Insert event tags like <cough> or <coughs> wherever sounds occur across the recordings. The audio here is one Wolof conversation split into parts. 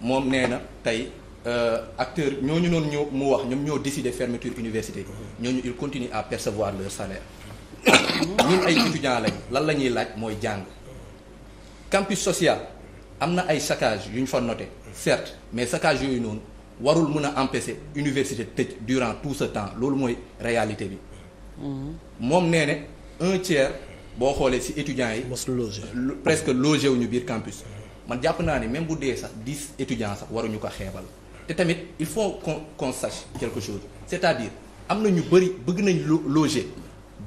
moom nee na tey euh, acteur ñooñu noonu ñoo mu wax ñoom ñoo décidé fermeture université mm-hmm. ñooñu il continue à percevoir leur salaire <coughs> ñun ay étudiants lañ lan la ñuy laaj mooy jàng campus social am na ay saccage yu ñu fa note certes mais saccage yooyu noonu warul mun a empêcher université tëj durant tout ce temps loolu mooy réalité bi mm-hmm. moom nee ne un tiers boo xoolee si étudiants yi presque logé wu ñu biir campus man jàpp naa ne même bu dee sax dix étudiants sax ñu ko xeebal te tamit il faut qu'on qu'on sache quelque chose c'est-à-dire am na ñu bëri bëgg nañ loger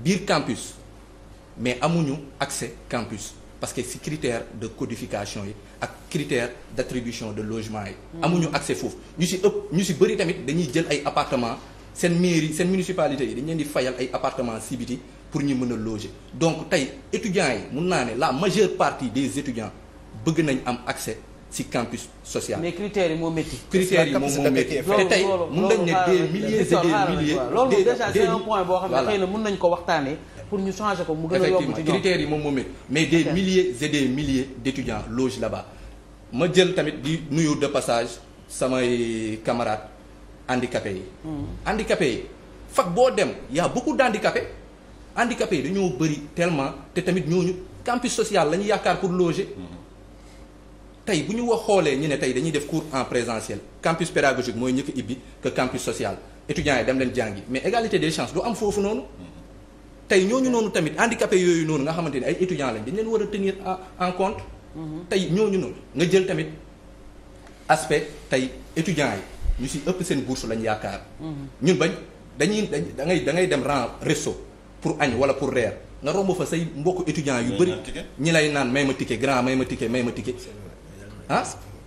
biir campus mais amuñu accès campus parce que ci critère de codification yi ak critère d'attribution de logement yi hmm. amuñu accès foofu ñu si ëpp ñu si bëri tamit dañuy jël ay appartement seen mairie seen municipalité yi dañ leen di fayal ay appartement ci biti pour ñu mën a loger donc tey étudiants yi mun naa ne la majeure partie des étudiants bëgg nañ am accès ci campus social. mais critères yi moo métti. critères yi moom moo métti te tey boo xam ne xëy na mun nañ ko waxtaanee. pour ñu changer ko mu a yomb ci critères yi moom moo métti mais des milliers et des milliers d'étudiants logent là ma jël tamit di nuyu de passage samay camarades handicapés yi. Hmm. handicapés yi fag boo dem y bu beaucoup d'handicapés. handicapés yi dañoo bëri tellement te tamit ñooñu campus social la ñu yaakaar pour loger. Hmm. tey bu ñu wax xoolee ñu ne tey dañuy def cours en présentiel campus pédagogique mooy ñëkk ibbi que campus social étudiants yi dem leen jàngi mais égalité de chances du am foofu noonu tey ñoo ñu noonu tamit handicapé yooyu noonu nga xamante ne ay étudiants lañ dañ leen war a tenir en compte mhm. tey ñoo ñu noonu nga jël tamit aspect tey étudiants yi ñu si ëpp seen bourse lañ yaakaar mhm. ñun bañ dañuy da ngay da ngay dem rang resto pour añ wala pour reer nga romb fa say mbokk étudiants yu naan may ma ticket grand ah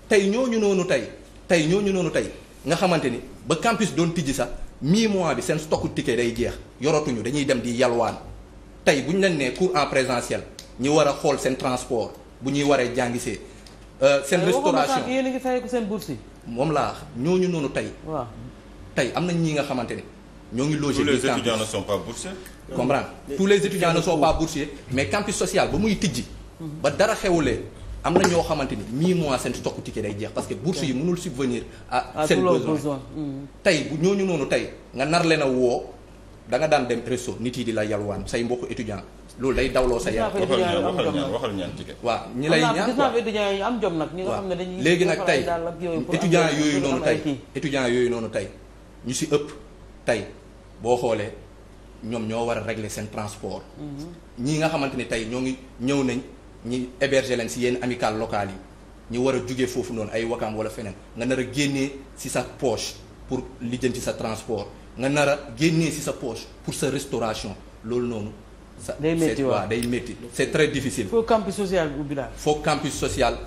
tey ñooñu noonu tey tey ñooñu noonu tey nga xamante ni ba campus doon tijji sax mi mois bi seen stock ticket day jeex yoratuñu dañuy dem di yalwaan tey bu ñu leen nee cours en ñu war a xool seen transport bu ñuy waree jàngisee. Euh, seen restauration yéen a ngi fay seen bourse yi moom laa ñooñu noonu tey. tey am nañ ñi nga xamante ni ñoo ngi logé. tous les étudiants ne sont pas tous les étudiants ne sont pas mais campus social ba muy tijji. ba dara xewulee. am na ñoo xamante ni mi mois seen stock ticket day jeex parce que bourse yi mënul subvenir à seen besoin mm. tey bu ñooñu noonu tey nga nar leen a woo da nga daan dem resto nit yi di la yalwaan say mbokk étudiant loolu day dawloo sa yaram waxal ñaan ticket waaw ñi lay ñaan am jom nag ñi nga xam ne dañuy léegi nag tey étudiant yooyu noonu tey étudiant yooyu noonu tey ñu si ëpp tey boo xoolee ñoom ñoo war a réglé seen transport mm-hmm. ñii nga xamante ni tey ñoo ngi ñëw nañ ñi héberger leen si yenn amicale locale yi ñu war a jugee foofu noonu ay wakaam wala feneen nga nar a génnee si sa poche pour lijjanti sa transport nga nar a génnee si sa poche pour sa restauration loolu noonu. sa métti waaw day métti c'est très difficile. foo campus social ubbi daal. foo campus social